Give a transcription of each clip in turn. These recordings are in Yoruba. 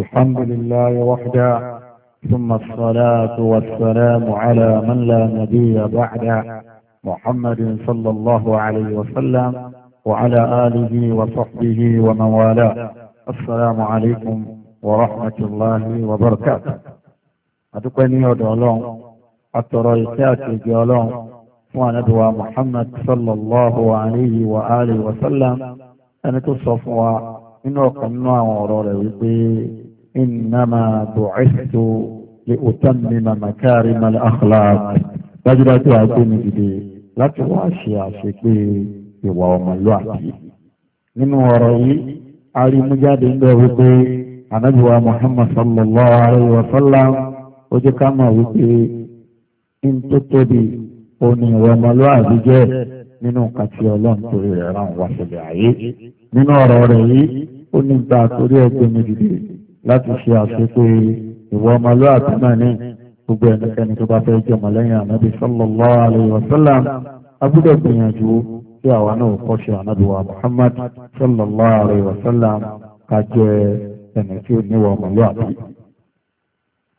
الحمد لله وحده ثم الصلاة والسلام على من لا نبي بعده محمد صلى الله عليه وسلم وعلى آله وصحبه ومن والاه السلام عليكم ورحمة الله وبركاته أتقني ودعلون التريكات جعلون وندوى محمد صلى الله عليه وآله وسلم أن تصفوا إنه قلنا ورور إنما بعثت لأتمم مكارم الأخلاق dájúdájú àgbẹ̀mí dìde láti wá ṣe àṣepé ìwà ọmọlúwàbí nínú ọ̀rọ̀ yìí arímújáde ń bẹ wípé anábìwá Muhammad sallallahu alayhi wa sallam ó jẹ́ ká mọ̀ wípé ń tó tóbi òní ìwà ọmọlúwàbí jẹ́ nínú kàtí ọlọ́run torí rẹ̀ ràn wá sílẹ̀ ayé nínú ọ̀rọ̀ rẹ̀ yìí ó ní gbà torí ẹgbẹ̀mí dìde láti ṣe àṣepé ìwà ọmọlúwàbí náà ní gbogbo ẹnikẹ́ni tó bá fẹ́ jẹ́ ọmọlẹ́yìn ànábì sallallahu alayhi wa sallam agbúdọ̀ gbìyànjú tí àwa náà kọ́ ṣe ànábì wa Muhammad sallallahu alayhi wa sallam ká jẹ́ ẹni tí ó níwà ọmọlúwàbí.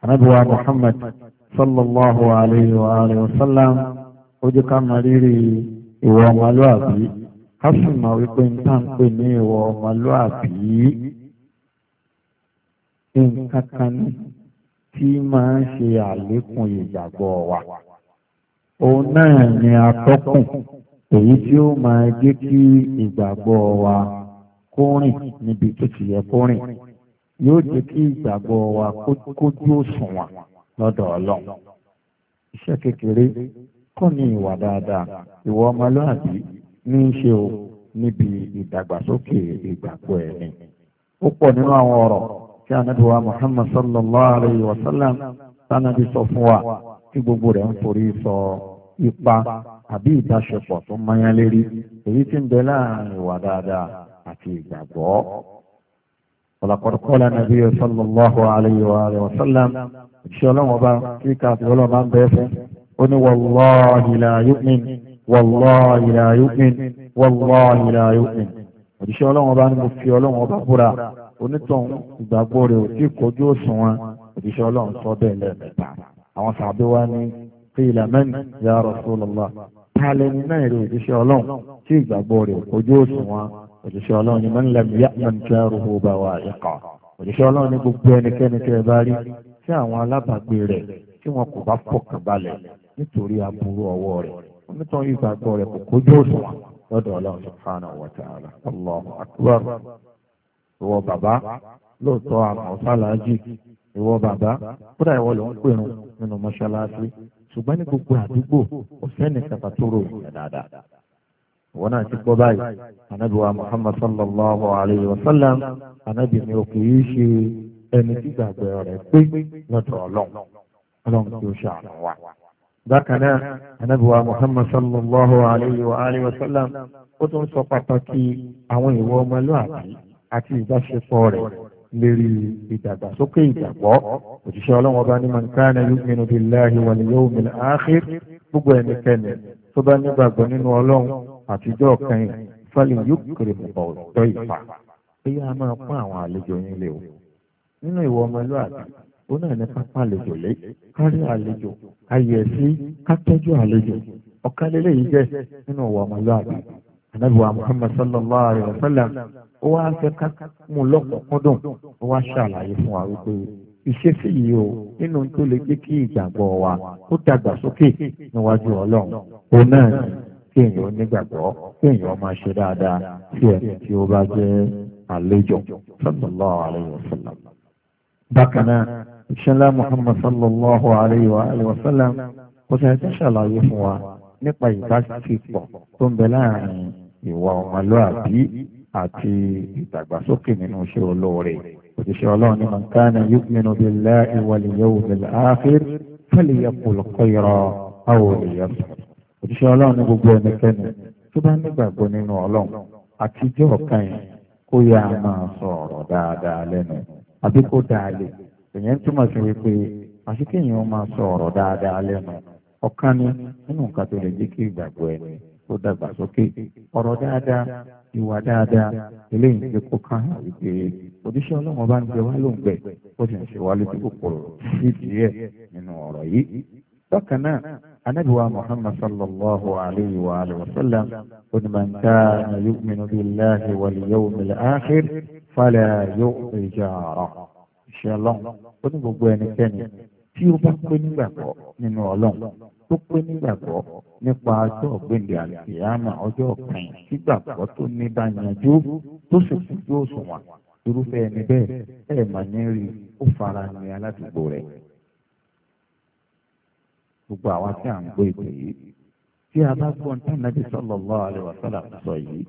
ànábì wa Muhammad sallallahu alayhi ó jẹ́ ká mọ rírì ìwà ọmọlúwàbí ká sì mọ wípé ní ìwà ọmọlúwàbí nǹkan kan tí máa ń ṣe àlékún ìgbàgbọ́ wa òun náà ni atọ́kùn èyí tí ó máa jẹ́ kí ìgbàgbọ́ wa kó rìn níbi tó ti yẹ kó rìn yóò jẹ́ kí ìgbàgbọ́ wa kó dúró lọ́dọ̀ ọlọ́run iṣẹ́ kékeré kọ́ ni ìwà dáadáa ìwà ọmọlúàbí ní í ṣe o níbi ìdàgbàsókè ìgbàgbọ́ ẹni ó pọ̀ nínú àwọn ọ̀rọ̀ tí ànábì wa Muhammad sallallahu alayhi wa sallam tánàbí sọ fún wa tí gbogbo rẹ̀ ń forí sọ ipa àbí ìbáṣepọ̀ tó mọ́yán èyí tí ń bẹ láàrin ìwà dáadáa àti ìgbàgbọ́. ولقد قال النبي صلى الله عليه وآله وسلم شلون وبا في كاتب ولا ما بيفه قل والله لا يؤمن والله لا يؤمن والله لا يؤمن ودي شلون وبا نبي شلون وبا برا onítàn ìgbàgbọ́ rẹ̀ ò tí kojú òṣùwọ̀n òjíṣẹ́ ọlọ́run sọ bẹ́ẹ̀ lẹ́ẹ̀mẹ́ta àwọn sàbí wa ní qila man ya Rasulullah tálẹ́ni náà rẹ̀ òjíṣẹ́ ọlọ́run tí ìgbàgbọ́ rẹ̀ ò kojú òṣùwọ̀n òjíṣẹ́ ọlọ́run ni man lam ya'man jaruhu bawa'iqa òjíṣẹ́ ọlọ́run ní gbogbo ẹnikẹ́ni tẹ́ ẹ bá rí tí àwọn alábàgbé rẹ̀ tí wọn kò bá fọkàn balẹ̀ nítorí aburú ọwọ́ rẹ̀ onítàn ìgbàgbọ́ rẹ̀ kò kojú òṣùwọ̀n lọ́dọ̀ ọlọ́run subhanahu wa ta'ala Allahu akbar ìwọ bàbá lóòótọ́ àmọ́ sálàájì ìwọ bàbá kódà ìwọ ló ń pèrún nínú mọ́ṣáláṣí ṣùgbọ́n ní gbogbo àdúgbò ọ̀sẹ́ni kàtàtúrò ìyẹn dáadáa. ìwọ náà ti gbọ́ báyìí anábì wa muhammad sallallahu alayhi wa sallam anábì mi ò kì í ṣe ẹni tí gbàgbé rẹ̀ pé lọ́dọ̀ ọlọ́run ọlọ́run tí ó ṣàánú wa. bákan náà anábì wa muhammad sallallahu alayhi wa sallam ó tún sọ pàtàkì àwọn ìwọ ọmọlúwàbí àti ìbáṣepọ̀ rẹ̀ lérí ìdàgbàsókè ìgbàgbọ́ òjíṣẹ́ ọlọ́run ọba ní man kana yu'minu billahi wal yawmil akhir gbogbo ẹnikẹ́ni tó bá nígbàgbọ́ nínú ọlọ́run àtijọ́ kan fali yukrim ọ̀dọ́ ìfà bóyá a máa pọ́n àwọn àlejò yín lé o nínú ìwọ ọmọlúwàbí ó náà ní pápá àlejò lé kárí àlejò ayẹ̀sí kátẹ́jú àlejò ọ̀kálẹ́lẹ́ jẹ́ nínú ìwọ ọmọlúwàbí anabiwa muhammad sallallahu alayhi wa sallam ó wá fẹ́ ká mú lọ́kùnkúndùn ó wá ṣàlàyé fún wa wípé ìṣesí yìí o nínú tó lè jẹ́ kí ìgbàgbọ́ wa ó dàgbà sókè níwájú ọlọ́run òun náà ni kéèyàn onígbàgbọ́ kéèyàn máa ṣe dáadáa sí ẹni tí ó bá jẹ́ àlejò sallallahu alayhi wa sallam. bákan náà ìṣẹ́lá muhammad sallallahu alayhi wa sallam kò sẹ́yìn ṣàlàyé fún wa nípa ìbáṣepọ̀ tó ń bẹ láàrin ìwà ọmọlúàbí àti ìdàgbàsókè nínú iṣẹ́ olóore òṣìṣẹ́ ọlọ́run ní man kana yu'minu billahi wal yawmil akhir falyaqul khayran aw liyasmut òṣìṣẹ́ ọlọ́run ní gbogbo ẹnikẹ́ni tó bá nígbàgbọ́ nínú ọlọ́run àtijọ́ ọ̀kan yẹn kó yá a máa sọ ọ̀rọ̀ dáadáa lẹ́nu àbí kó dáa lè èèyàn túmọ̀ sí wípé àṣìkéyìn ó máa sọ ọ̀rọ̀ dáadáa lẹ́nu ọ̀kan ni nínú nǹkan tó lè jẹ́ kí ìgbàgbọ́ ẹni kó dàgbà sókè ọ̀rọ̀ dáadáa ìwà dáadáa eléyìí ti kó kàn án wípé oníṣẹ́ ọlọ́run bá ń jẹ wá lóǹgbẹ̀ ó sì ń ṣe wá lójú kòkòrò sí tiẹ̀ nínú ọ̀rọ̀ yìí. bákan náà anábì wa muhammad sallallahu alayhi wa alayhi wa sallam qul man kana yu'minu billahi wal yawmil akhir fala ìṣẹ́ ọlọ́run ó ẹnikẹ́ni tí ó bá pé nígbàgbọ́ nínú ọlọ́run tó pé nígbàgbọ́ nípa ọjọ́ ọ̀gbìnlẹ̀ àlùkìyámà ọjọ́ ọ̀kan sígbàgbọ́ tó ní bá yanjú tó sì kú sí òṣùwọ̀n irúfẹ́ ẹni bẹ́ẹ̀ ẹ̀ mà ní rí ó fara ní aládùúgbò rẹ̀. gbogbo àwa tí à ń gbọ́ ètò yìí tí a bá gbọ́ ní Ànábì sallallahu alaihi wasallam sọ yìí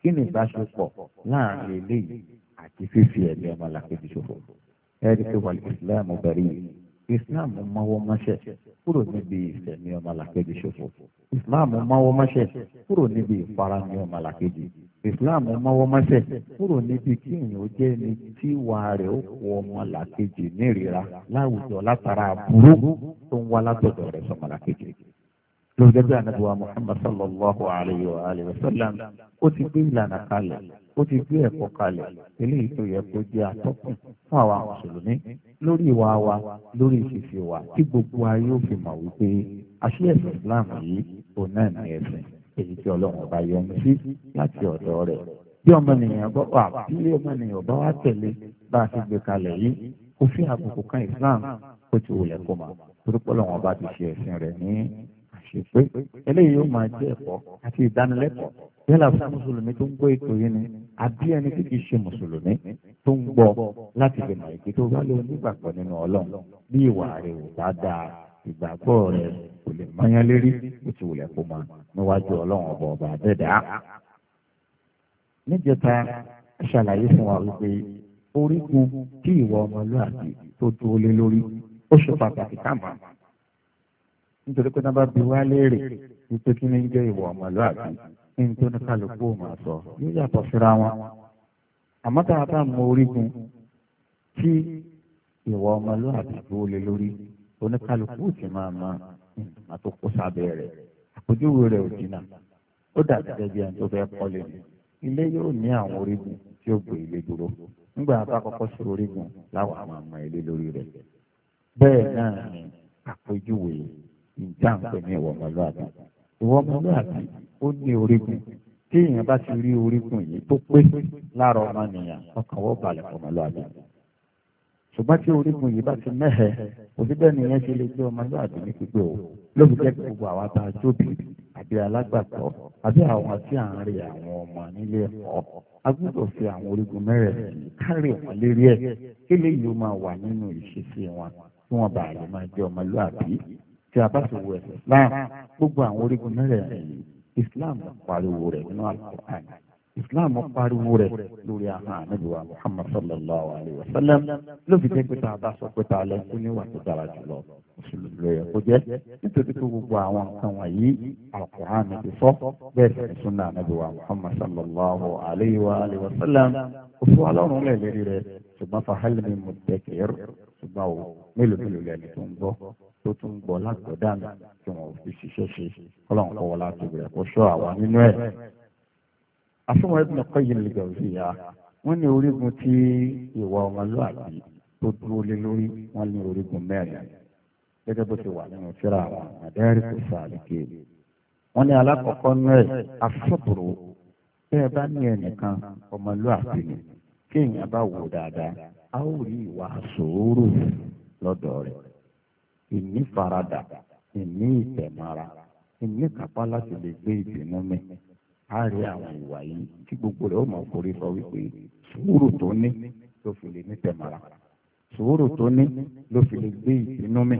kí ni ìbáṣepọ̀ láàrin eléyìí àti fífi ẹ̀mí ọmọlàkejì ṣòfò ẹ̀ẹ́dẹ́gbẹ̀wàlì ìsìlámù bẹ̀rẹ̀ yìí islam mọ́wọ́ mọ́ṣẹ́ kúrò níbi ìsẹ̀mí ọmọlàkejì ṣòfò islam mọ́wọ́ mọ́ṣẹ́ kúrò níbi ìfarami ọmọlàkejì islam mọ́wọ́ mọ́ṣẹ́ kúrò níbi kíyìn ó jẹ́ ní tíwa rẹ̀ ó kó ọmọlàkejì nírira láwùjọ látara àbúrò tó ń wá látọ̀dọ̀ rẹ̀ sọmọlàkejì lóòjọ́ bí anabiwa muhammad sallallahu alayhi wa sallam ó ti gbé ìlànà kalẹ̀ ó ti gbé ẹ̀kọ́ kalẹ̀ eléyìí tó yẹ kó jẹ́ atọ́kùn fún àwa mùsùlùmí lórí ìwà wa lórí ìṣesí wa tí gbogbo ayé ó fi mọ̀ wípé àṣẹ ẹ̀sìn Islam yìí ò náà ní ẹ̀sìn èyí tí ọlọ́run bá yọ́nú sí láti ọ̀dọ̀ rẹ̀ bí ọmọnìyàn bá wà bí ọmọnìyàn bá wá tẹ̀lé bá a ti gbé kalẹ̀ yìí kò fi àbùkù kan Islam kó ti wulẹ̀ kó mọ̀ torípọ̀ lọ́wọ́n bá ti ṣe ẹ̀sìn rẹ̀ ní ṣèpé eléyìí yóò máa jẹ́ ẹ̀kọ́ àti ìdánilẹ́kọ̀ọ́ yálà fún mùsùlùmí tó ń gbọ́ ètò yìí ni àbí ẹni tí kì í ṣe mùsùlùmí tó ń gbọ́ láti lè mọ̀ èké tó bá lóun nígbàgbọ́ nínú ọlọ́run bí ìwà rẹ̀ ò bá dáa ìgbàgbọ́ rẹ̀ kò lè mọ́yán lérí kò ti wùlẹ̀ kó máa níwájú ọlọ́run ọba ọba àbẹ́dá. níjẹta ṣàlàyé fún wa wípé orígun tí ìwà ọmọlúwàbí tó dúró lé lórí ó ṣe pàtàkì káàmù nítorí pé nàbà bí wá léèrè wípé kí ni ń jẹ́ ìwà ọmọlúwàbí ní ní tó ní kálukú ò máa sọ yóò yàtọ̀ síra wọn àmọ́ tá a bá mọ orígun tí ìwà ọmọlúwàbí tó lé lórí oníkálukú ti máa ma nǹkan tó kó sábẹ́ rẹ̀ àpèjúwe rẹ̀ ò jìnnà ó dàbí gẹ́gẹ́ bí ẹni tó fẹ́ kọ́lé ni ilé yóò ní àwọn orígun tí ó gbé ilé dúró nígbà tá a kọ́kọ́ sí orígun láwọn àwọn ọmọ ilé lórí rẹ̀ bẹ́ẹ̀ náà ni àpèjúwe yìí nǹkan pè ní ìwọ ọmọlúwàbí ìwọ ọmọlúwàbí ó ní orígun tí èèyàn bá ti rí orígun yìí tó pé lára ọmọnìyàn ọkàn wọ́n balẹ̀ ọmọlúwàbí ṣùgbọ́n tí orígun yìí bá ti mẹ́hẹ̀ òṣìṣẹ́ nìyẹn ṣe lè gbé ọmọlúwàbí ní pípé o lóbi jẹ́ gbogbo àwọn tá a àbí alágbàtọ́ àbí àwọn tí à ń rí àwọn ọmọ nílé ẹ̀kọ́ a gbọ́dọ̀ fi àwọn orígun mẹ́rẹ̀ẹ̀rin kárí wọn lérí ẹ̀ kí lè yóò máa wà nínú ìṣesí wọn kí wọ́n bàa lè máa jẹ́ ọmọlúwàbí tí a bá sì wo ẹ̀sìn Islam gbogbo àwọn orígun mẹ́rẹ̀ẹ̀rin Islam pariwo rẹ̀ nínú al àná islam pariwo rẹ̀ lórí ahọ́n ànábìwá muhammad sallallahu alayhi wa sallam ló fi jẹ́ pé tá a bá sọ pé tá a lọ kú níwà tó dára jùlọ mùsùlùmí ló yẹ kó jẹ́ nítorí pé gbogbo àwọn nǹkan wọ̀nyí alukur'an ti sọ bẹ́ẹ̀ sì ni sunna ànábìwá muhammad sallallahu alayhi wa alayhi wa sallam kò fún alọ́run lẹ̀ lérí rẹ̀ ṣùgbọ́n fàhálì mi mú ṣùgbọ́n o mélòó mélòó lẹ́ni tó ń gbọ́ tó tún gbọ́ lágbọ̀dá mi tí wọ́n fi ṣiṣẹ́ ṣe àfihàn Ibn Qayyim al-Jawziyya wọ́n ní orígun tí ìwà ọmọlúwàbí tó dúró lé lórí wọ́n ní orígun mẹ́rin gẹ́gẹ́ bó ti wà nínú tírà àwọn Madariku Salikin wọ́n ní alákọ̀ọ́kọ́ nú ẹ̀ asọ́bùrù bẹ́ẹ̀ bá ní ẹnìkan ọmọlúwàbí ni kéèyàn bá wò dáadáa a ó rí ìwà sòórò lọ́dọ̀ rẹ̀ ìní faradà ìní ìtẹ̀mára ìní kápá láti lè gbé ìbínú mi á rí àwọn ìwà yìí tí gbogbo rẹ̀ ó mọ̀ kórè sọ wípé sùúrù tó ní ló fi lè ní tẹ̀mọ́ra sùúrù tó ní ló fi lè gbé ìbínú mi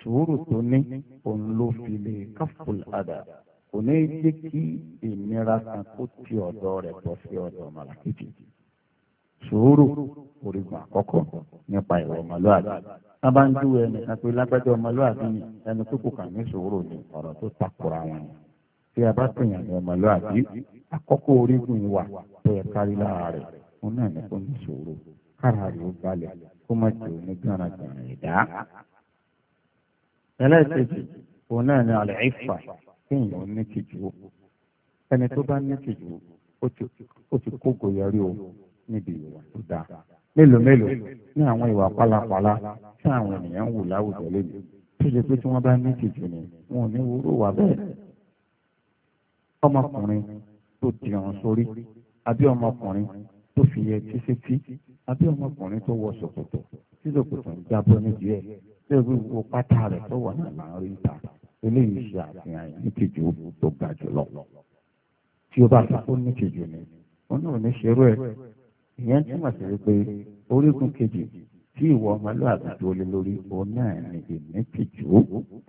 sùúrù tó ní òun ló fi lè káfùl àdà kò ní jẹ́ kí ìnira kan kó ti ọ̀dọ̀ rẹ̀ bọ́ sí ọ̀dọ̀ màlàkejì sùúrù orígun àkọ́kọ́ nípa ìwà ọmọlúwàbí wọn bá ń júwe ẹnìkan pé lágbájá ọmọlúwàbí ẹni tó kù kàn ní sùúrù ni ọ̀rọ̀ tó takora wọn ni tí a bá pèèyàn ní ọmọlúwàbí àkọ́kọ́ orígun ìwà tó yẹ kárí lára rẹ̀ òun náà ní kò ní ṣòro kára rẹ̀ ó balẹ̀ kó má jẹ́ òní gbọ̀nràgbọ̀nrà ẹ̀dá. ẹlẹ́ẹ̀kejì òun náà ní alẹ́ ìfà kéèyàn ní tìjú ẹni tó bá ní tìjú ó ti kógo yọrí o níbi ìwà tó dáa mélòó mélòó ní àwọn ìwà pálapàla tí àwọn ènìyàn ń wù láwùjọ lónìí tó jẹ́ pé tí wọ́n bá ní tìjú ni wọn ò ní wúrò wà bẹ́ẹ̀ ọmọkùnrin tó di ọ̀run sórí àbí ọmọkùnrin tó fi yẹ tí sétí àbí ọmọkùnrin tó wọ ṣòkòtò tí ṣòkòtò ń jábọ́ nídìí ẹ̀ tí ó gbogbo pátá rẹ̀ tó wà náà láàrin ìta eléyìí ṣe àfihàn nítìjú tó ga jùlọ tí ó bá sọ pé nítìjú ni wọn náà ní ṣerú ẹ̀ ìyẹn túmọ̀ sí pé orígun kejì tí ìwọ ọmọlúwàbí tó lé lórí òun náà ní ìmẹ́tìjú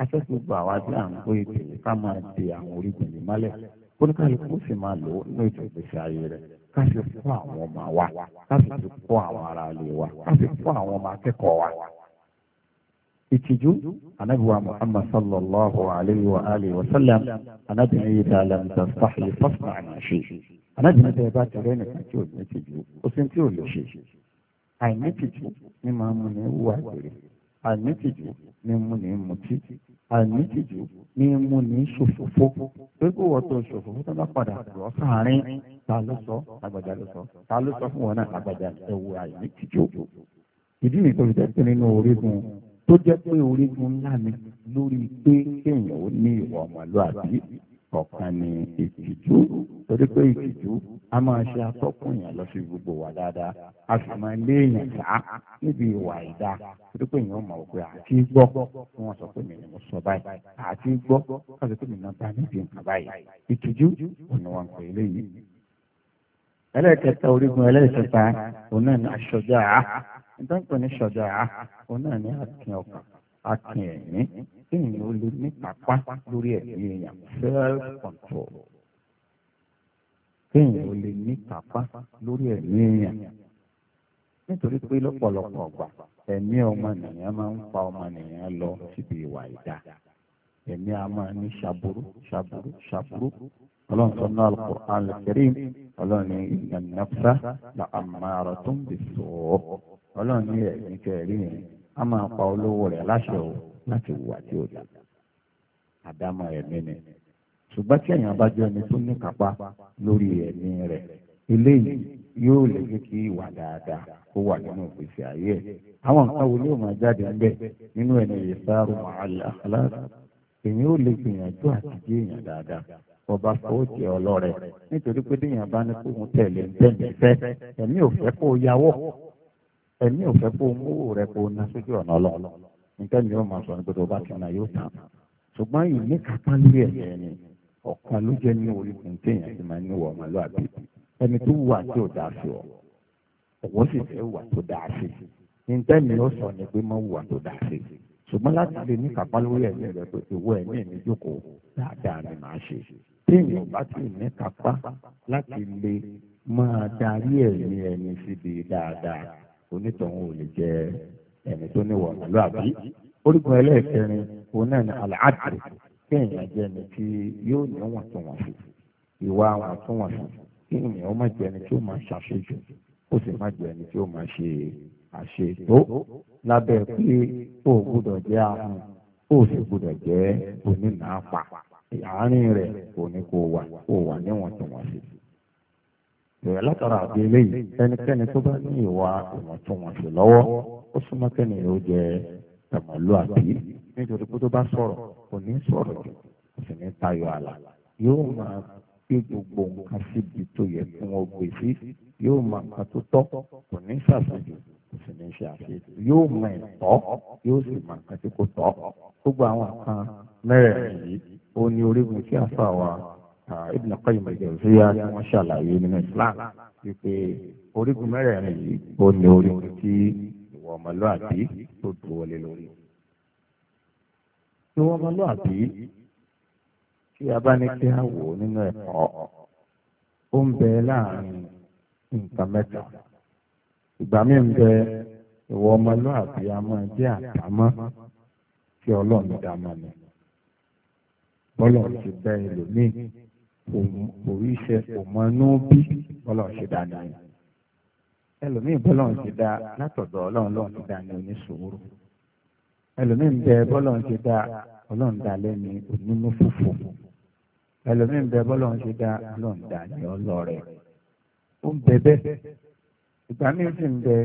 afẹ́fẹ́ gbọ́ àwa tí à ń gbé ètò ká máa de àwọn orígun yìí mọ́lẹ̀ kóníkàlùkù sì máa lò ó ní ètò ìgbésí ayé rẹ̀ ká fi kọ́ àwọn ọmọ wa ká fi kọ́ àwọn ará ilé wa ká fi kọ́ àwọn ọmọ akẹ́kọ̀ọ́ wa. ìtìjú anábìwá muhammad sallallahu alayhi wa alihi wa sallam anábìrin yìí dàlẹ́ mùtàfàhì fọ́fún àmàṣe anábìrin tẹ́ bá tẹ̀lé nìkan tí ò ní máa mú ní wù àgbèrè àìnítìjú ní mú ní mutí àìnítìjú ní mú ní ṣòfófó gbogbo wọn tó ṣòfófó tó bá padà rọ sáàárín ta ló sọ àgbàjá ló sọ ta ló sọ fún wọn náà àgbàjá ẹwù àìnítìjú ìdí nìkan tó fi nínú orígun tó jẹ́ pé orígun ńlá ni lórí pé kéèyàn ó ní ìwà ọmọlúwàbí ọ̀kan ni ìtìjú torí pé ìtìjú a máa ṣe atọ́kùn yẹn lọ sí gbogbo wa dáadáa a sì máa lé èèyàn sá níbi ìwà ìdá torí pé èèyàn mọ̀ pé àti gbọ́ kí wọ́n sọ pé mi ni mo sọ báyìí àti gbọ́ kí wọ́n sọ pé mi náà bá níbi nǹkan báyìí ìtìjú òun ni wọ́n ń pè é léyìí. ẹlẹ́ẹ̀kẹta orígun ẹlẹ́ẹ̀kẹta òun náà ni aṣọjọ́ àá nítorí ní aṣọjọ́ àá òun náà ni akin ọkàn akin ẹ̀mí kéèyàn ó lè ní pápá lórí ẹ̀mí èèyàn self control kéèyàn ó lè ní pápá lórí ẹ̀mí èèyàn nítorí pé lọ́pọ̀lọpọ̀ ọ̀gbà ẹ̀mí ọmọnìyàn máa ń fa ọmọnìyàn lọ síbi ìwà ìdá ẹ̀mí a máa ní ṣàbùrú ṣàbùrú ṣàbùrú ọlọ́run sọ náà Al-Qur'an Al-Karim ọlọ́run ní inna nafsa la ammaratun bis-su' ọlọ́run ní ẹ̀mí kẹrin a máa pa olówó rẹ̀ láṣẹ o. láti wùwà tí ó dà àdámọ̀ ẹ̀mí ni ṣùgbọ́n tí èèyàn bá jẹ́ ẹni tó ní kápá lórí ẹ̀mí rẹ̀ eléyìí yóò lè jẹ́ kí ìwà dáadáa kó wà nínú ìgbésí ayé ẹ̀ àwọn nǹkan wo máa jáde nínú ẹni ìsáàrù ó lè gbìyànjú àti èèyàn dáadáa ọba jẹ ọlọ́rẹ̀ nítorí pé bá ní kóhun tẹ̀lé ń tẹ̀lé nǹkan ni yóò máa sọ ní gbọdọ̀ bá ti ọ̀nà yóò tà ṣùgbọ́n ìní kápá lórí ẹ̀jẹ̀ ni ọ̀kan ló jẹ́ ní orígun téèyàn ti máa ń níwọ̀ ọmọlúwàbí ẹni tó wà tí ò dáa sí ọ ọ̀wọ́ sì fẹ́ wà tó dáa sí nǹkan ni yóò sọ ni pé má wà tó dáa sí ṣùgbọ́n láti lè ní kápá lórí ẹ̀jẹ̀ rẹ pé ìwọ ẹ̀mí mi jókòó dáadáa ni màá ṣe téèyàn bá ti ní kápá láti lè máa darí ẹ̀mí ẹni síbi dáadáa onítọ̀hún ò lè jẹ́ ẹ̀mí tó níwọ̀ pẹ̀lú àbí orígun ẹlẹ́ẹ̀kẹrin òun náà ni àlàádìrì kéèyàn jẹ́ ẹni tí yóò ní wọ̀ntúnwọ̀nsì ìwà wọ̀ntúnwọ̀nsì kéèyàn ó má jẹ́ ẹni tí ó máa ṣàṣejù ó sì má jẹ́ ẹni tí ó máa ṣe àṣetó lábẹ́ pé ó gbúdọ̀ jẹ́ ahun ó sì gbúdọ̀ jẹ́ onínàápa àárín rẹ̀ kò ní kó wà kó wà níwọ̀ntúnwọ̀nsì ìrẹ̀ látara àbí eléyìí ẹnikẹ́ni tó bá ní ìwà ìwọ̀ntúnwọ̀nsì lọ́wọ́ ó súnmọ́ kẹ́ni ó jẹ tẹ̀mọ̀lú àbí nítorí pé tó bá sọ̀rọ̀ kò ní sọ̀rọ̀ jù kò sì ní tayọ àlà yóò máa gbé gbogbo nǹkan síbi tó yẹ kí wọ́n gbé sí yóò máa nǹkan tó tọ́ kò ní ṣàṣejù kò sì ní ṣe àṣejù yóò mọ ẹ̀tọ́ yóò sì mọ nǹkan tí kò tọ́ gbogbo àwọn kan mẹ́rẹ̀ẹ̀rin yìí ó ní orígun tí àfa wa Ah, Ibn Qayyim al-Jawziyya tí wọ́n ṣàlàyé nínú Islam wípé orígun mẹ́rẹ̀ẹ̀rin yìí ó ní orígun tí ìwà ọmọlúàbí tó dùn wọlé lórí. ìwà ọmọlúàbí tí a bá ní kí á wò nínú ẹ̀kọ́ ó ń bẹ láàrin nǹkan mẹ́ta ìgbà míì ń bẹ ìwà ọmọlúàbí a máa jẹ́ àdámọ́ tí ọlọ́run dá mọ́ ni bọ́lọ̀ ti bẹ́ ẹlòmíì kò rí iṣẹ́ kò mọ inú bí bọ́lá ṣe dá ní. ẹlòmíì bọ́lá ṣe dá látọ̀dọ̀ ọlọ́run lọ́run ti dá ní oníṣòwòrò. ẹlòmíì bẹ bọ́lá ṣe dá ọlọ́run dá lẹ́ni onínú fùfù. ẹlòmíì bẹ bọ́lá ṣe dá ọlọ́run dá ní ọlọ́rẹ̀. ó ń bẹ bẹ́ẹ̀. ìgbà míì sì ń bẹ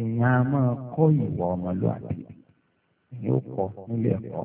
ìyẹn a máa kọ́ ìwà ọmọlúwàbí. ìyẹn ó kọ nílé ẹ̀kọ́.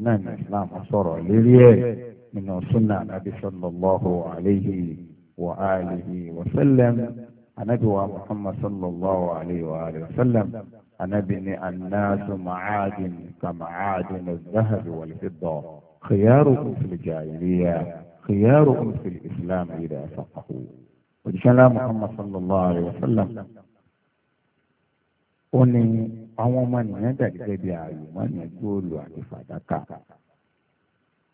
سنن الإسلام أصره ليلي من سنة النبي صلى الله عليه وآله وسلم انبي محمد صلى الله عليه وآله وسلم أنبني الناس معادن كمعادن الذهب والفضة خياركم في الجاهلية خياركم في الإسلام إذا فقهوا وإن شاء الله محمد صلى الله عليه وسلم أني àwọn ọmọ nìyẹn dà gẹ́gẹ́ bí àlùmọ́nì góòlù àti fàdákà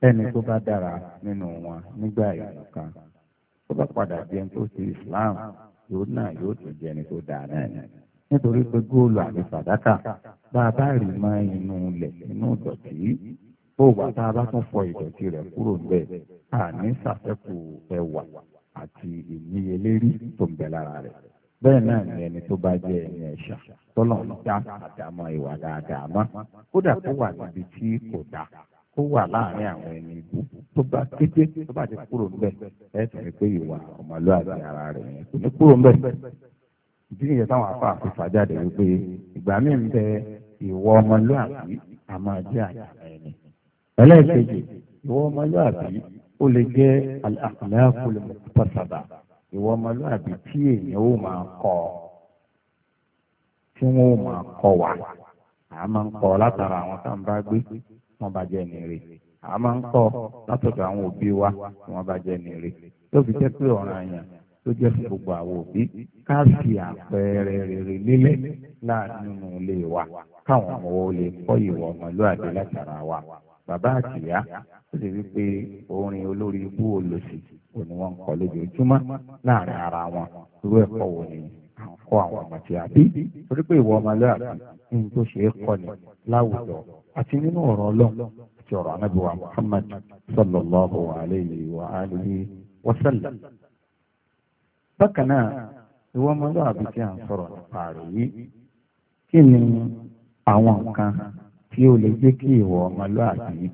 ẹni tó bá dára nínú wọn nígbà ìlú kan tó bá padà jẹ tó ti Islam yóò náà yóò tún jẹ ẹni tó dáa náà ni nítorí pé góòlù àti fàdákà bá a bá rí mọ́ inú ilẹ̀ inú ìdọ̀tí bó wà tá a bá tún fọ ìdọ̀tí rẹ̀ kúrò bẹ́ẹ̀ àní ṣàfẹ́kù ẹwà àti ìníyelérí tó ń bẹ lára rẹ̀ bẹ́ẹ̀ náà ni ẹni tó bá jẹ́ ẹni ẹ̀ṣà tọ́lọ̀ ń dá àdámọ́ ìwà dáadáa mọ́ kódà kó wà níbi tí kò dáa ó wà láàrin àwọn ẹni ibu tó bá kété tó bá ti kúrò ńbẹ ẹ sì ní pé ìwà ọmọlúwàbí ara rẹ yẹn kò ní kúrò ńbẹ ìdí nìyẹn táwọn afa àti fàjáde wípé ìgbà míì ń bẹ ìwọ ọmọlúwàbí a máa jẹ ẹni ẹlẹ́ẹ̀kejì ìwọ ọmọlúwàbí ó lè jẹ́ àkàlẹ́ àkọlẹ̀ mọ̀tàṣàbà ìwọ ọmọlúwàbí tí èèyàn ó máa kọ́ tí wọ́n ó máa kọ́ wa à máa ń kọ́ látara àwọn tá à ń bá gbé wọ́n bá jẹ́ nìire à máa ń kọ́ látọ̀dọ̀ àwọn òbí wa wọ́n bá jẹ́ nìire tó fi jẹ́ pé ọ̀ràn àyàn tó jẹ́ fún gbogbo àwọn òbí ká fi àpẹẹrẹ rere lélẹ̀ láàrin ilé wa káwọn ọmọ wo lè kọ́ ìwọ ọmọlúwàbí látara wa bàbá àtìyá ó sì wí pé orin olórí ikú olòṣì ò ní wọ́n ń kọ́ lójoojúmọ́ láàrin ara wọn irú ẹ̀kọ́ wo ni à ń kọ́ àwọn ọmọ tí a bí torí pé ìwọ ọmọlúwàbí ní tó ṣe é kọ́ láwùjọ àti nínú ọ̀rọ̀ ọlọ́run àti ọ̀rọ̀ anábìwá Muhammad sallallahu alayhi wa alihi wa sallam. bákan náà ìwọ ọmọlúwàbí tí à ń sọ̀rọ̀ nípa rẹ̀ yìí kí ni àwọn nǹkan tí ó lè jẹ́ kí ìwọ ọmọlúwàbí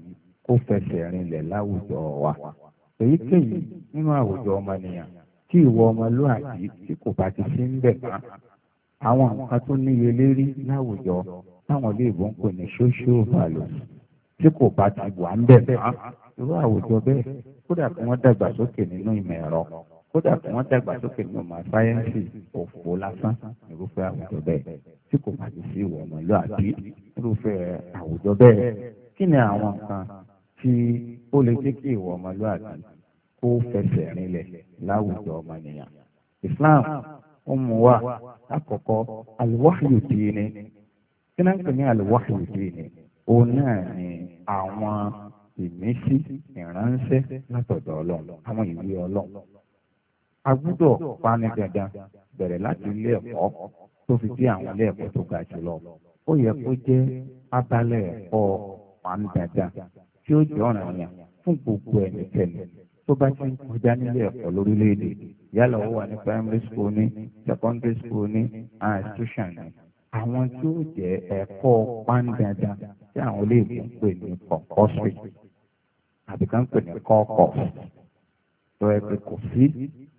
kó fẹsẹ̀ rinlẹ̀ láwùjọ wa èyíkéyìí nínú àwùjọ ọmọnìyàn tí ìwọ ọmọlúwàbí tí kò bá ti sí ń bẹ̀ mọ́ àwọn nǹkan tó níye lérí láwùjọ táwọn iléèbó ń pè ní ṣóṣó balùwẹ̀ tí kò bá ti wà ń bẹ̀ mọ́ irú àwùjọ bẹ́ẹ̀ kódà kí wọ́n dàgbàsókè nínú ìmọ̀ ẹ̀rọ kódà kí wọ́n dàgbàsókè nínú ìmọ̀ sáyẹ́ǹsì òfò lásán irúfẹ́ àwùjọ bẹ́ẹ̀ tí kò bá ti sí ìwọ ọmọlúwàbí irúfẹ́ àwùjọ bẹ́ẹ̀ kí ni àwọn nǹkan tí ó lè jẹ́ kí ìwọ ọmọlúwàbí ó fẹsẹ̀ rinlẹ̀ láwùjọ ọmọnìyàn. Islam ó mú wa lákọ̀ọ́kọ́ àlùwáhìlù dìí ni kí náà ń pè ní àlùwáhìlù dìí ni òun náà ni àwọn ìmísí ìránṣẹ́ látọ̀dọ̀ ọlọ́run àwọn ìwé ọlọ́run. a gbúdọ̀ pani dandan bẹ̀rẹ̀ láti ilé ẹ̀kọ́ tó fi dé àwọn ilé ẹ̀kọ́ tó ga jùlọ. ó yẹ kó jẹ́ abalẹ̀ ẹ̀kọ́ pani dandan tí ó jẹ́ ọ̀ràn yẹn fún gbogbo ẹnikẹ́ni tó bá ti ń kọjá nílé ẹ̀kọ́ lórílẹ̀‐èdè yálà ó wà ní primary school ní secondary school ní institution ní àwọn tí ó jẹ́ ẹ̀kọ́ pàǹdàdà tí àwọn olóògbé ń pè ní compulsory àbí kan pè ní kọ́ọ̀kọ́ tó ẹ pé kò sí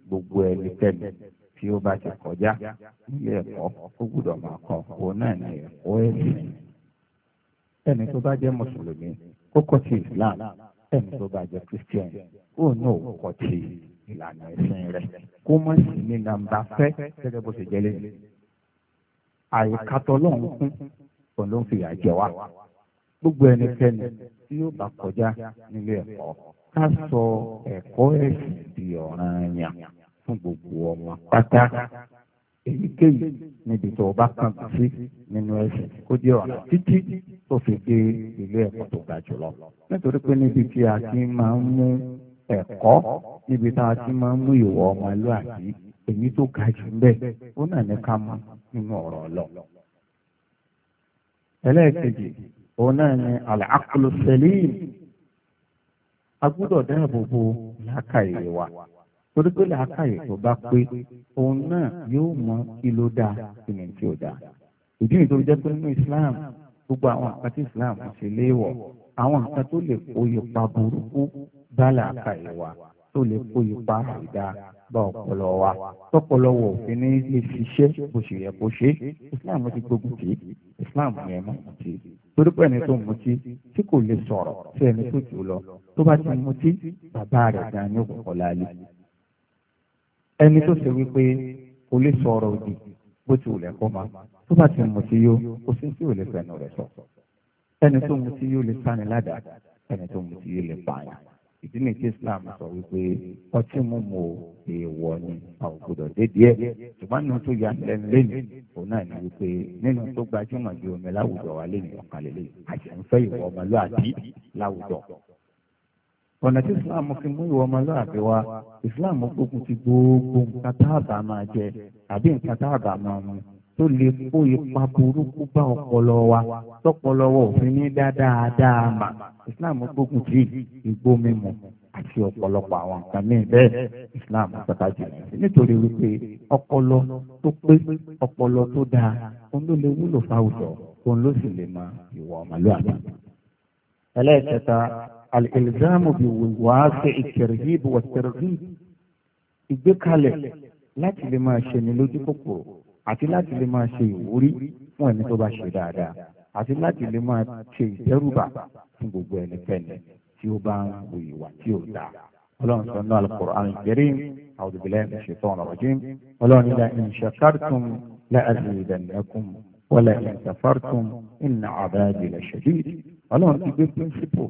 gbogbo ẹnikẹ́ni tí ó bá ti kọjá nílé ẹ̀kọ́ ó gbúdọ̀ máa kọ́ òun náà ní ẹ̀kọ́ ẹ̀sìn ẹni tó bá jẹ́ mùsùlùmí kókó ti Islam ẹni tó bá jẹ́ christian ó ní òkò ti ìlànà ẹ̀sìn rẹ̀ kó mọ̀ sí ní nàmbà fẹ́ gẹ́gẹ́ bó ṣe jẹ́lé àìkatọ́ lọ́hùn kún òun ló ń fìyà jẹ wá gbogbo ẹnikẹ́ni tí yóò bá kọjá nílé ẹ̀kọ́ ká sọ ẹ̀kọ́ ẹ̀sìn di ọ̀ranyàn fún gbogbo ọmọ pátá èyíkéyìí níbi tó bá kàn sí nínú ẹsẹ̀ kó jẹ́ ọ̀nà títí tó fi dé ilé ẹ̀kọ́ tó ga jùlọ. nítorí pé níbi a ti máa ń mú ẹ̀kọ́ níbi a ti máa ń mú ìwọ ọmọlúwàbí èyí tó ga jù ń bẹ̀ ó náà ní ká mú nínú ọ̀rọ̀ lọ. ẹlẹ́ẹ̀kejì òun náà ni a dáàbò bo làákàyè wa torí pé làákàyè tó bá òun náà yóò mọ kí ló dáa kí ni tí ò dáa ìdí nìyí tó jẹ́ pé nínú Islam gbogbo àwọn nǹkan tí Islam ṣe léèwọ̀ àwọn nǹkan tó lè kó ipa burúkú bálà àkàyè wa tó lè kó ipa àìdá bá ọpọlọ wa tọpọlọ wọ òfin ní lè ṣiṣẹ́ bó ṣe yẹ kó ṣe Islam ti gbógun tì Islam yẹn mọ tì torí pé ẹni tó mutí tí kò lè sọ̀rọ̀ sí ẹni tó jù lọ tó bá ti mutí bàbá rẹ̀ gan ni láàyè ẹni tó ṣe wípé kò lè sọ ọ̀rọ̀ òdì bó ti wùlẹ̀ kó máa tó bá ti mú sí yó kò sí tí ò lè fẹnu rẹ̀ sọ ẹni tó mú sí yó lè sáni ládàá ẹni tó mú sí yó lè pààyàn ìdí ni tí Islam sọ wípé ọtí mímu èèwọ̀ ni àwọn gbọdọ̀ dédìé ṣùgbọ́n nínú tó yà lẹ́nu lẹ́nu òun náà ni wípé nínú tó gbajúmọ̀ ju omi láwùjọ wa lẹ́nu ọ̀kan lélẹ́yìn àṣẹ ìwọ ọmọlúwàbí láwùjọ ọ̀nà tí islam fi mú ìwọ ọmọlúwàbí wa islam gbógun ti gbogbo nǹkan tá a bá máa jẹ àbí nǹkan tá a bá máa mu tó lè kó ipa burúkú bá ọpọlọ wa tọpọlọ wa òfin ní dáadáa mà islam gbógun ti igbó mímu àti ọ̀pọ̀lọpọ̀ àwọn nǹkan míì bẹ́ẹ̀ islam pátá jùlọ nítorí wípé ọpọlọ tó pé ọpọlọ tó dáa òun ló lè wúlò fáwùjọ òun ló sì lè mọ ìwọ ọmọlúwàbí. ẹlẹ́ẹ̀kẹta al-ilzamu bi wasi'i at-targhib wat-targhib ìgbékalẹ̀ láti lè máa ṣe ní lójú kòkòrò àti láti lè máa ṣe ìwúrí fún ẹni tó bá ṣe dáadáa àti láti lè máa ṣe ìdẹ́rùbà fún gbogbo ẹnikẹ́ni tí ó bá ń wo ìwà tí ó dáa. ọlọ́run sọ náà al-Qur'an al-Karim a'udhu billahi minash shaitanir rajim ọlọ́run ní la in shakartum la azidannakum wọlé ìtàfàrùtùm ìnà àbájáde lẹ́sẹ̀dí ọlọ́run ti gbé píńsípù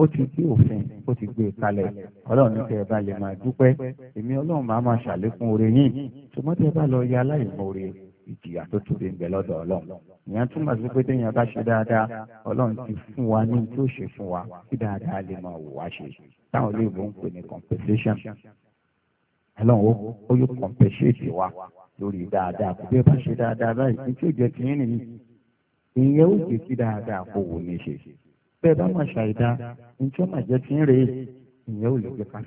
ó ti gbé òfin ó ti gbé kalẹ̀ ọlọ́run ní tẹ́ ẹ bá lè máa dúpẹ́ èmi ọlọ́run máa máa ṣàlékún oore yín ṣùgbọ́n tẹ́ ẹ bá lọ yẹ aláìmoore ìjìyà tó tóbi ń bẹ lọ́dọ̀ ọlọ́run ìyẹn túmọ̀ sí pé téèyàn bá ṣe dáadáa ọlọ́run ti fún wa ní tí ṣe fún wa kí dáadáa lè máa wò wá ṣe táwọn olóògbé ń pè ní compensation ọlọ́run ó yóò compensate wa lórí dáadáa kò bẹ́ẹ̀ bá ṣe dáadáa báyìí tí ó jẹ́ kí nìyí ìyẹn ó jẹ́ kí dáadáa kò wò ní ṣe bẹ́ẹ̀ bá máa ṣàìdá ní máa jẹ́ kí ń rèé ìyẹn ò lè jẹ́ ká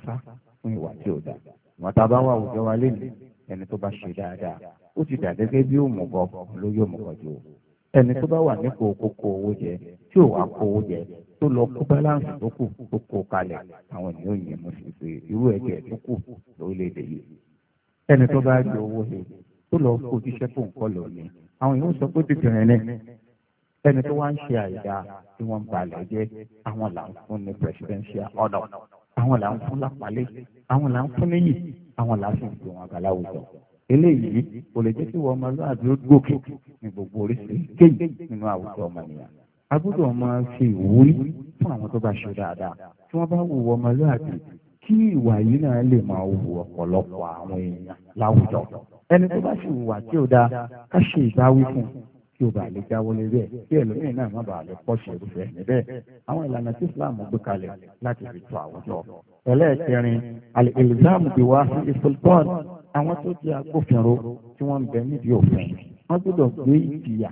fún ìwà tí ò dáa ìwọ̀n tá a bá wà àwùjọ wa lẹ́nu ẹni tó bá ṣe dáadáa ó ti dà gẹ́gẹ́ bí òmùgọ̀ lórí òmùgọ̀ jù ẹni tó bá wà nípò kókó owó jẹ tí ò wá kó owó jẹ tó lọ kó báláǹsì tó kù tó kó kalẹ̀ àwọn ènìyàn yìí mú sí pé irú ẹ̀jẹ̀ tó kù lórílẹ̀ yìí ẹni tó bá jẹ owó he tó lọ fojú sẹ́kù nǹkan lọ ni àwọn yóò sọ pé bìbìrin ni ẹni tó wá ń ṣe àìdá tí wọ́n ń balẹ̀ jẹ́ àwọn là ń fún ní presidential order àwọn là ń fún lápálẹ̀ àwọn là ń fún níyì àwọn là ń fún ìgbìmọ̀ àgbàlá àwùjọ eléyìí kò lè jẹ́ kí wọ́n máa lọ́àdí ó gòkè ní gbogbo oríṣiríṣi kéyì nínú àwùjọ ọmọnìyàn a gbọ́dọ̀ máa fi ìwúrí fún àwọn tó bá ṣe dáadáa tí wọ́n bá wù wọ́n máa lọ́àdí kí ìwà yìí náà lè máa wù ọ̀pọ̀lọpọ̀ àwọn èèyàn láwùjọ ẹni tó bá sì wùwà tí ò dáa ká ṣe ìdáwí fún un kí o bá lè jáwọlé bẹ́ẹ̀ kí ẹlòmíín náà má bàa lè pọ̀ṣẹ̀ irúfẹ́ níbẹ̀ àwọn ìlànà tí Islam gbé kalẹ̀ láti fi tu àwùjọ. ẹlẹ́ẹ̀kẹrin alìlzáàmù bí wá sí ìfọlùtọ́ọ̀nù àwọn tó jẹ́ agbófinró tí wọ́n ń bẹ nídìí òfin wọ́n gbọ́dọ̀ gbé ìjìyà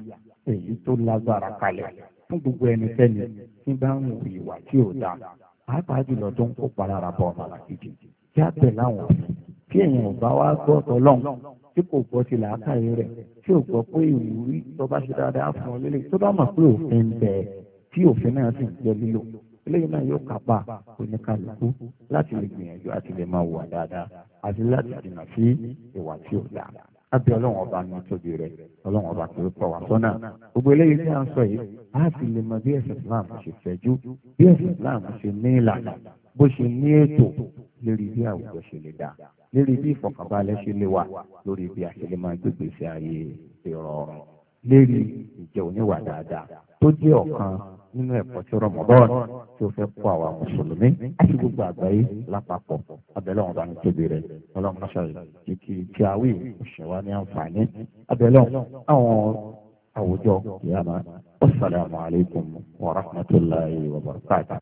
èyí tó lágbára kalẹ̀ fún gbogbo ẹnikẹ́ni tí bá ń wù ìwà tí ò dáa pàápàá jùlọ tó ń kó palára bọ̀ ọmọlá kejì kí á tẹ̀ láwọn òbí kí èèyàn ò bá wá gbọ́ tọ́lọ́n tí kò gbọ́ ti làákàyè rẹ̀ tí ò gbọ́ pé ìwúrí tó bá ṣe dáadáa fún ọ lélẹ̀ tó bá mọ̀ pé òfin bẹ̀ tí òfin náà sì ń jẹ́ lílò eléyìí náà yóò kápá oníkàlùkù láti lè gbìyànjú àti lè máa wà dáadáa àti láti dènà sí ìwà tí ò dáa àbí ọlọ́run ọba ní tóbi rẹ̀ ọlọ́run ọba tó pọ̀ wá sọ́nà gbogbo eléyìí tí a ń sọ yìí á fi lè mọ bí ẹ̀sìn Islam ṣe fẹ̀jú bí ẹ̀sìn Islam ṣe ní ìlànà bó ṣe ní ètò lórí bí àwùjọ ṣe lè dá lórí bí ìfọ̀kànbalẹ̀ ṣe lè wà lórí bí a ṣe lè máa gbégbèsè ayé ìrọ̀rùn lérí ìjẹ oníwà dáadáa tó jẹ́ ọ̀kan nínú ẹ̀kọ́ tí rọmọbọ́ọ̀n tí ó fẹ́ kó àwa mùsùlùmí àti gbogbo àgbáyé lápapọ̀ abẹ́lẹ́ ọ̀hún bá ní tóbi rẹ̀ ọlọ́run náà ṣe kí tí a wí òṣè ní àǹfààní abẹ́lẹ́ ọ̀hún àwọn àwùjọ ìyá máa. Assalamu alaikum wa rahmatullahi wa barakatuh.